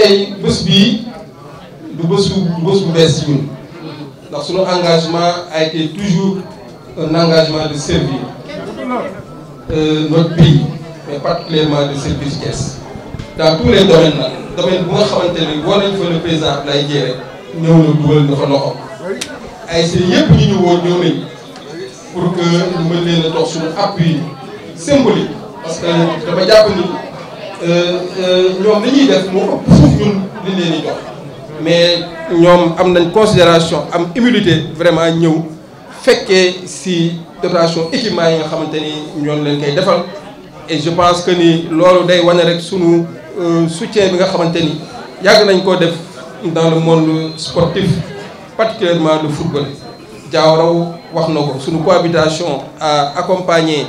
tey bés bii du bésu bés bu ci ndax engagement a été toujours un engagement de servir euh, notre pays mais particulièrement de servir caisse. dans tous les domaines le domaine bu nga santé, ne woo nañ le président Abdoulaye la guerre, ñëw na dugal na fa loxo ay seen yëpp ñu ñu woon ñëw pour que nous mën notre a toog suñu appui symbolique parce que dama jàpp ni euh, euh, ñoom li ñuy def moo ëpp mais nous avons nañ considération une humilité vraiment fait que si dotation équipement yi nga xamante ni leen et je pense que nous avons day rek euh, soutien dans le monde sportif particulièrement le football nous avons une cohabitation à accompagner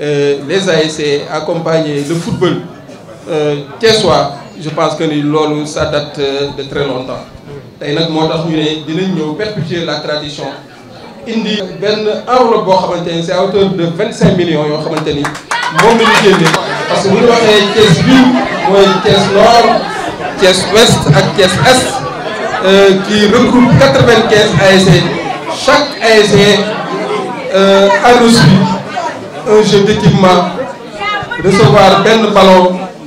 euh, les ASC accompagner le football euh, soit je pense que lolu ça date euh, de très longtemps tay y motax ñu né dinañ ñëw perpétuer la tradition indi ben enveloppe bo xamanteni c'est à hauteur de 25 millions yo xamanteni ñu parce que bu ñu waxé Thiès bi une Thiès nord pièce ouest une pièce est euh, qui regroupe 95 vingt chaque ASC a euh, reçu un jeu d'équipement recevoir ben ballon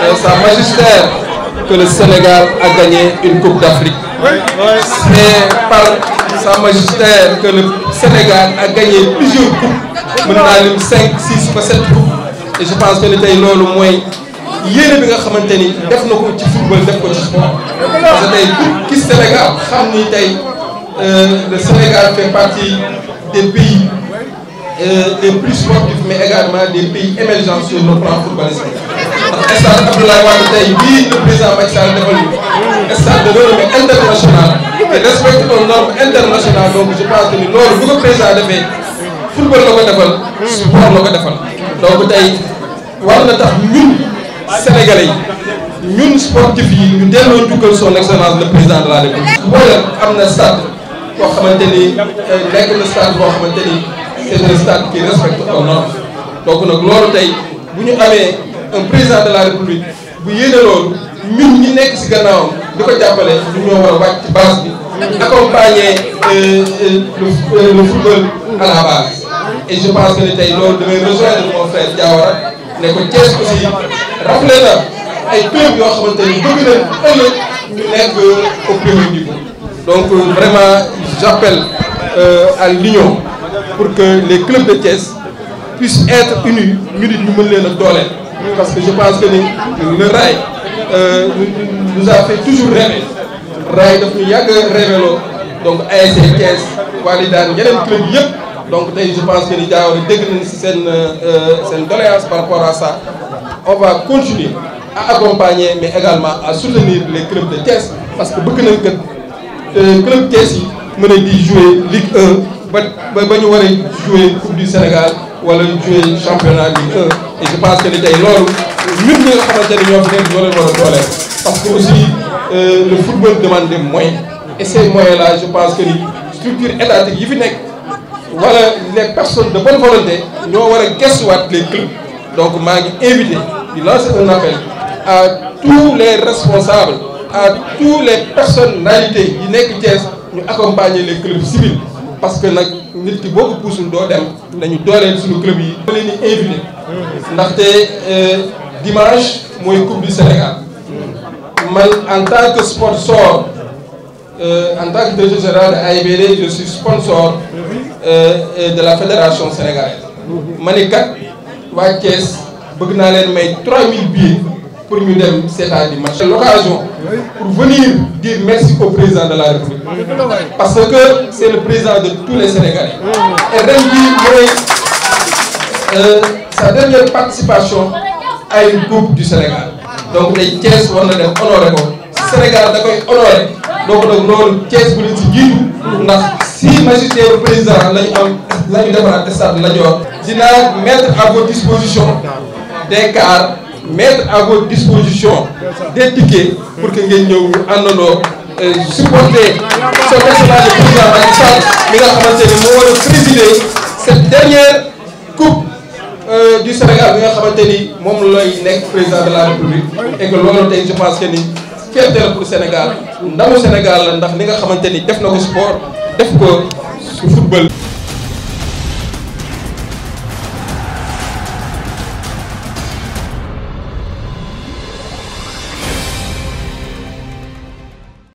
C'est sa magistère que le Sénégal a gagné une Coupe d'Afrique. C'est par sa magistère que le Sénégal a gagné plusieurs coupes On a eu cinq six 7 coupes et je pense que c'est le loolu mooy yéene bi nga xamante ni def na ci football def ko ci sport Sénégal euh, le Sénégal fait partie des pays les euh, plus sportifs mais également des pays émergents sur le plan footballistique. stade Abdoulaye Wade a bii le président Macky Sall defal ñu stade de renommée internationale te respecte aux normes internationales donc je ni loolu bu ko defee football la ko defal sport la ko defal donc tey war na tax ñun sénégalais yi ñun sportif yi ñu na stade boo xamante ni euh, nekk na stade boo xamante ni c'est un stade qui respecte loolu tey bu ñu amee un président de la république bu yéene loolu ñun ñi nekk si gannaawam di ko jàppale ñu base accompagner euh, euh, euh, le football à la base. et je pense que les tey devaient rejoindre mon frère Diawara mais ko Thiès aussi rappelez-le ay club yoo xamante ni bëgg nañ ëllëg ñu nekk au niveau. donc vraiment j'appelle euh, à l'union pour que les clubs de Thiès puissent être unis ñu nit ñu mën leen a parce que je pense que le rail euh, nous a fait toujours rêver rail de a révélo. Donc donc il y a un club donc je pense que les gens ont nañ doléance par rapport à ça on va continuer à accompagner mais également à soutenir les clubs de Thiès parce que bëgg nañ que euh, club Thiès yi jouer Ligue 1 ba ba jouer Coupe du Sénégal wala jouer championnat Ligue 1 et je pense que les. tey loolu ñun ñi nga xamante ne ñoo fi nekk ñoo leen parce que aussi euh, le football demande des moyens et ces moyens là je pense que les structures étatiques, les personnes de bonne volonté ñoo war a les clubs donc maa ngi invité di lancer un appel à tous les responsables à tous les personnalités yi nekk Thiès ñu accompagner les clubs civils parce que nak nit ki boo ko puusul dem nañu dooleel suñu club yi. leen di invité té euh, dimanche moy coupe du Sénégal man en tant que sponsor euh, en tant que directeur général de AIBD je suis sponsor euh, de la fédération sénégalaise mané kat wa Thiès bëgg naa leen may 3000 billets pour nous c'est à dire l'occasion pour venir dire merci au président de la République parce que c'est le président de tous les Sénégalais et ren euh, sa dernière participation à une coupe du Sénégal donc les caisses war Sénégal d'accord honorable honoré donc nag loolu 15 politiques nous si majesté ndax si président la la République est la mettre à votre disposition des cartes mettre à votre disposition des tickets pour que ngeen ñëw ñu euh, supporter ce personnage de président Macky Sall mi nga le ni présider cette dernière coupe euh, du Sénégal bi nga xamante ni le président de la République et que loolu tey je pense que ni fierté la pour Sénégal le Sénégal la ndax Sénégal, nga xamante ni def sport def ko football.